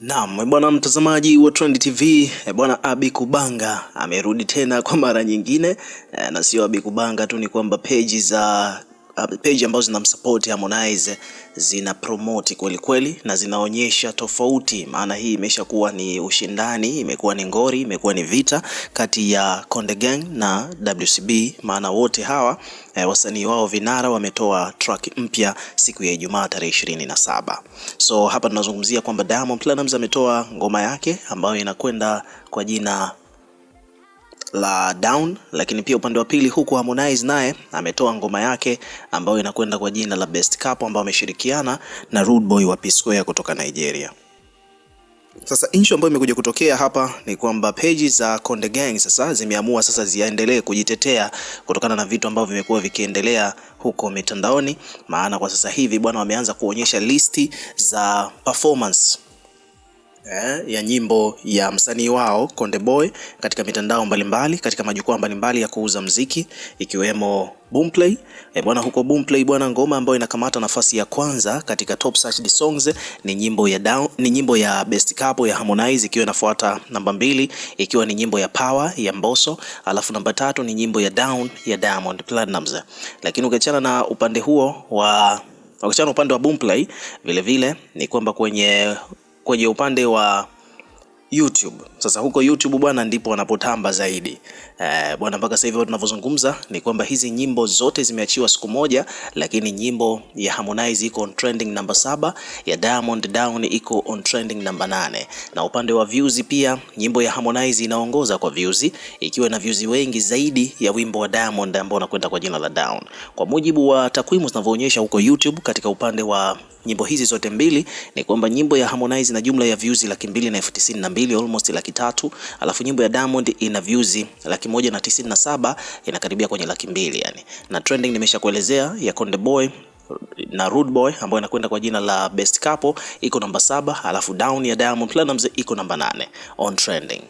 Naam, eh, bwana mtazamaji wa Trend TV, eh, bwana Abi Kubanga amerudi tena kwa mara nyingine, eh, na sio Abi Kubanga tu, ni kwamba peji za Uh, page ambazo zinamsupport Harmonize zina promote kweli kweli na zinaonyesha tofauti, maana hii imeshakuwa ni ushindani, imekuwa ni ngori, imekuwa ni vita kati ya Konde Gang na WCB, maana wote hawa eh, wasanii wao vinara wametoa track mpya siku ya Ijumaa tarehe saba So hapa tunazungumzia kwamba Diamond Platnumz ametoa ngoma yake ambayo inakwenda kwa jina la Down, lakini pia upande wa pili huku Harmonize naye ametoa ngoma yake ambayo inakwenda kwa jina la Best Cup ambayo ameshirikiana na Rude Boy wa P Square kutoka Nigeria. Sasa issue ambayo imekuja kutokea hapa ni kwamba peji za Konde Gang sasa zimeamua sasa ziendelee kujitetea kutokana na vitu ambavyo vimekuwa vikiendelea huko mitandaoni, maana kwa sasa hivi bwana, wameanza kuonyesha listi za performance eh, ya nyimbo ya msanii wao Konde Boy katika mitandao mbalimbali katika majukwaa mbalimbali ya kuuza mziki ikiwemo Boomplay. E, bwana huko Boomplay bwana, ngoma ambayo inakamata nafasi ya kwanza katika top searched songs ni nyimbo ya down, ni nyimbo ya best couple ya Harmonize ikiwa inafuata namba mbili ikiwa ni nyimbo ya Power ya Mbosso, alafu namba tatu ni nyimbo ya Down ya Diamond Platnumz. Lakini ukiachana na upande huo wa ukiachana upande wa Boomplay vile vile ni kwamba kwenye kwenye upande wa YouTube. Sasa huko YouTube bwana ndipo wanapotamba zaidi. Eh, bwana mpaka sasa hivi tunavyozungumza ni kwamba hizi nyimbo zote zimeachiwa siku moja, lakini nyimbo ya Harmonize iko on trending number saba, ya Diamond Down iko on trending number nane. Na upande wa views pia nyimbo ya Harmonize inaongoza kwa views ikiwa na views wengi zaidi ya wimbo wa Diamond ambao unakwenda kwa jina la Down. Kwa mujibu wa takwimu zinavyoonyesha huko YouTube katika upande wa nyimbo hizi zote mbili ni kwamba nyimbo ya Harmonize na jumla ya views laki mbili na elfu tisini na mbili almost laki tatu, alafu nyimbo ya Diamond ina views laki moja na tisini na saba inakaribia kwenye laki mbili yani. Na trending nimeshakuelezea ya Konde Boy na Rude Boy ambayo inakwenda kwa jina la Best Couple iko namba saba, alafu down ya Diamond Platnumz iko namba nane on trending.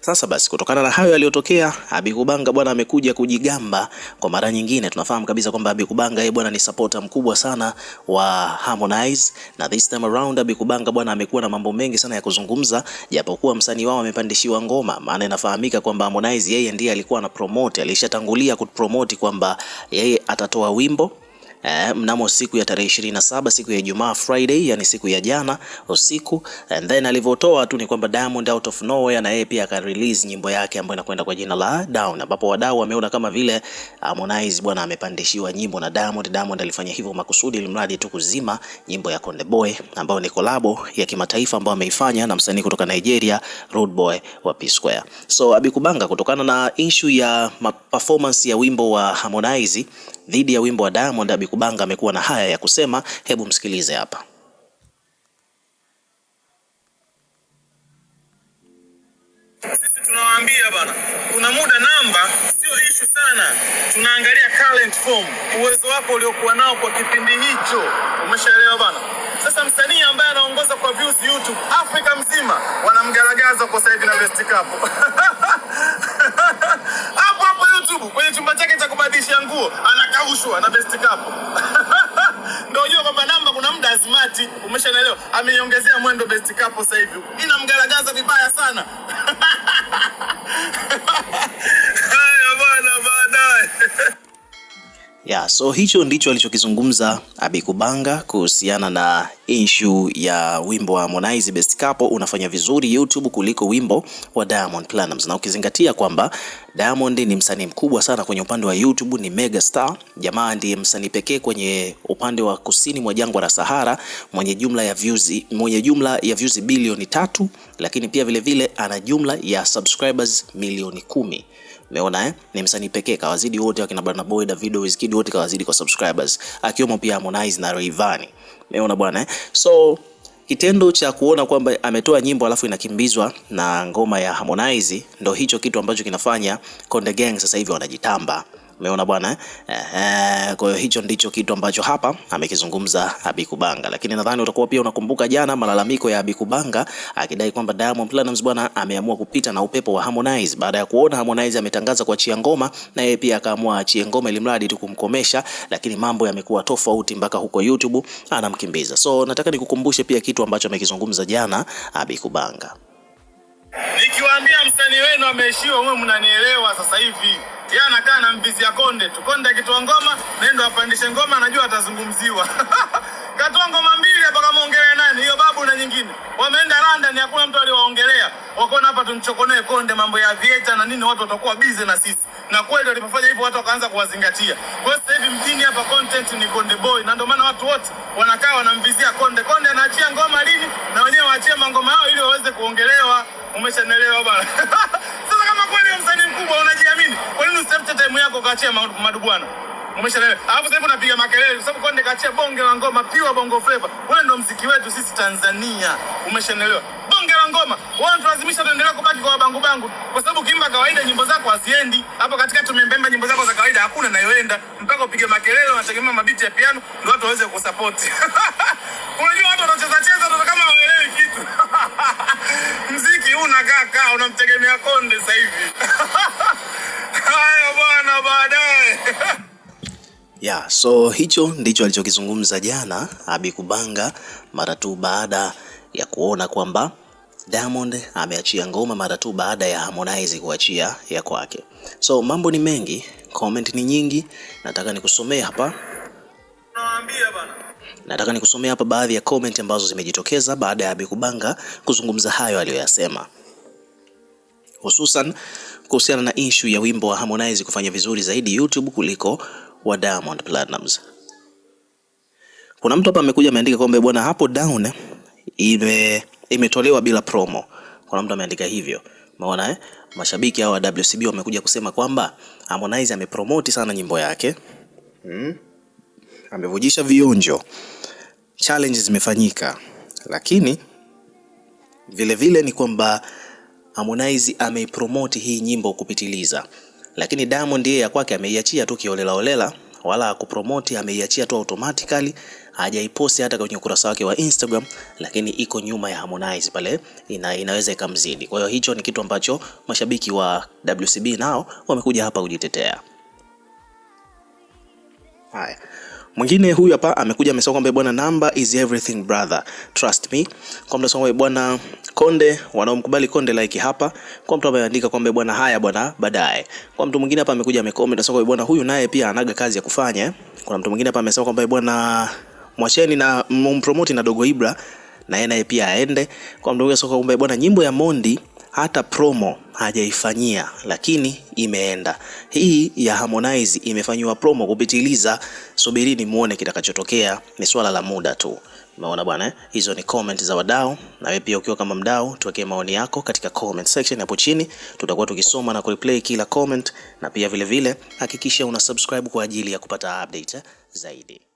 Sasa basi, kutokana na hayo yaliyotokea, Abikubanga bwana amekuja kujigamba kwa mara nyingine. Tunafahamu kabisa kwamba Abikubanga yeye bwana ni supporter mkubwa sana wa Harmonize, na this time around Abikubanga bwana amekuwa na mambo mengi sana ya kuzungumza, japokuwa msanii wao amepandishiwa ngoma. Maana inafahamika kwamba Harmonize yeye ndiye alikuwa ana promote, alishatangulia kupromote kwamba yeye atatoa wimbo eh, mnamo siku ya tarehe 27 siku ya Ijumaa Friday, yani siku ya jana usiku. And then alivyotoa tu ni kwamba Diamond out of nowhere na yeye pia aka release nyimbo yake ambayo inakwenda kwa jina la Down, ambapo wadau wameona kama vile Harmonize bwana amepandishiwa nyimbo na Diamond. Diamond alifanya hivyo makusudi, ili mradi tu kuzima nyimbo ya Konde Boy ambayo ni kolabo ya kimataifa ambayo ameifanya na msanii kutoka Nigeria Rude Boy wa P Square. So Abikubanga, kutokana na issue ya performance ya wimbo wa Harmonize dhidi ya wimbo wa Diamond, Abikubanga amekuwa na haya ya kusema. Hebu msikilize hapa. Tunawaambia bana, kuna muda namba sio ishu sana, tunaangalia current form, uwezo wako uliokuwa nao kwa kipindi hicho. Umeshaelewa bana? Sasa msanii ambaye anaongoza kwa views YouTube Afrika mzima, wanamgaragaza kwa sasa hivi na best Cup Mwe ndo best couple sasa hivi, namgaragaza vibaya sana. Yeah, so hicho ndicho alichokizungumza Abikubanga kuhusiana na issue ya wimbo wa Harmonize Best Couple unafanya vizuri YouTube kuliko wimbo wa Diamond Platnumz, na ukizingatia kwamba Diamond ni msanii mkubwa sana kwenye upande wa YouTube, ni mega star. Jamaa ndiye msanii pekee kwenye upande wa kusini mwa jangwa la Sahara mwenye jumla ya views, mwenye jumla ya views bilioni tatu, lakini pia vilevile ana jumla ya subscribers milioni kumi. Umeona eh? Ni msanii pekee kawazidi wote akina Burna Boy, Davido, Wizkid wote kawazidi kwa subscribers, akiwemo pia Harmonize na Rayvanny. Umeona bwana eh? So kitendo cha kuona kwamba ametoa nyimbo alafu inakimbizwa na ngoma ya Harmonize ndo hicho kitu ambacho kinafanya Konde Gang sasa hivi wanajitamba. Umeona bwana eh? eh? Kwa hiyo hicho ndicho kitu ambacho hapa amekizungumza Abikubanga, lakini nadhani utakuwa pia unakumbuka jana malalamiko ya Abikubanga akidai kwamba Diamond Platnumz bwana ameamua kupita na upepo wa Harmonize baada ya kuona Harmonize ametangaza kuachia ngoma, na yeye pia akaamua achie ngoma ili mradi tu kumkomesha, lakini mambo yamekuwa tofauti mpaka huko YouTube anamkimbiza. So nataka nikukumbushe pia kitu ambacho amekizungumza jana Abikubanga. Nikiwaambia msanii wenu ameishiwa, wewe mnanielewa sasa hivi. Yeye anakaa matumizi ya konde tu. Konde akitoa ngoma, nenda apandishe ngoma, anajua atazungumziwa. Katoa ngoma mbili hapa, kama ongelea nani hiyo babu na nyingine. Wameenda London, hakuna mtu aliwaongelea. Wakaona hapa tumchokonoe konde, mambo ya vieta na nini, watu watakuwa busy na sisi. Na kweli walipofanya hivyo, watu wakaanza kuwazingatia. Kwa sasa hivi mjini hapa content ni Konde Boy, na ndio maana watu wote wanakaa wanamvizia Konde. Konde anaachia ngoma madu bwana. Umeshaelewa? Alafu sasa hivi unapiga makelele kwa sababu kwa kachia bonge la ngoma piwa bongo flava. Wewe ndio mziki wetu sisi Tanzania. Umeshaelewa? Bonge la ngoma. Wao tunalazimisha tuendelee kubaki kwa wabangu bangu kwa sababu kimba kawaida nyimbo zako haziendi. Hapo katika tumembemba nyimbo zako za kawaida hakuna nayoenda mpaka upige makelele unategemea mabiti ya piano ndio watu waweze kusupport. Unajua watu wanacheza cheza ndio kama hawaelewi kitu. Mziki huu unakaa kaa unamtegemea konde sasa hivi. haya bwana baadaye. Yeah, so hicho ndicho alichokizungumza jana Abi Kubanga mara tu baada ya kuona kwamba Diamond ameachia ngoma mara tu baada ya Harmonize kuachia ya kwake. So mambo ni mengi, comment ni nyingi, nataka nikusomee hapa. Naambia bana. Nataka nikusomee hapa baadhi ya comment ambazo zimejitokeza baada ya Abi Kubanga kuzungumza hayo aliyoyasema. Hususan kuhusiana na ishu ya wimbo wa Harmonize kufanya vizuri zaidi YouTube kuliko wa Diamond Platnumz. Kuna mtu hapa amekuja ameandika kwamba eh, bwana, hapo down ime imetolewa bila promo. Kuna mtu ameandika hivyo, umeona eh? Mashabiki hao wa WCB wamekuja kusema kwamba Harmonize amepromote sana nyimbo yake hmm? Amevujisha vionjo, challenges zimefanyika, lakini vilevile vile ni kwamba Harmonize ameipromote hii nyimbo kupitiliza, lakini Diamond yeye ya kwake ameiachia tu kiolela olela, wala kupromote, ameiachia tu automatically, hajaiposti hata kwenye ukurasa wake wa Instagram, lakini iko nyuma ya Harmonize pale ina, inaweza ikamzidi. Kwa hiyo hicho ni kitu ambacho mashabiki wa WCB nao wamekuja hapa kujitetea. Haya. Mwingine huyu hapa amekuja amesema kwamba bwana, namba is everything brother, trust me. Kwa mtu anasema bwana Konde, wanaomkubali Konde like hapa. Kwa mtu ameandika kwamba bwana, haya bwana, baadaye. Kwa mtu mwingine hapa amekuja amecomment anasema bwana, huyu naye pia anaga kazi ya kufanya. Kuna mtu mwingine hapa amesema kwamba bwana, mwacheni na mumpromote na Dogo Ibra na yeye naye pia aende. Kwa mtu mwingine anasema kwamba bwana, nyimbo ya Mondi hata promo hajaifanyia, lakini imeenda hii ya Harmonize imefanyiwa promo kupitiliza. Subirini muone kitakachotokea, ni swala la muda tu. Umeona bwana eh? Hizo ni comment za wadau, na wewe pia ukiwa kama mdau tuwekee maoni yako katika comment section hapo chini, tutakuwa tukisoma na kureplay kila comment, na pia vilevile hakikisha vile, una subscribe kwa ajili ya kupata update eh, zaidi.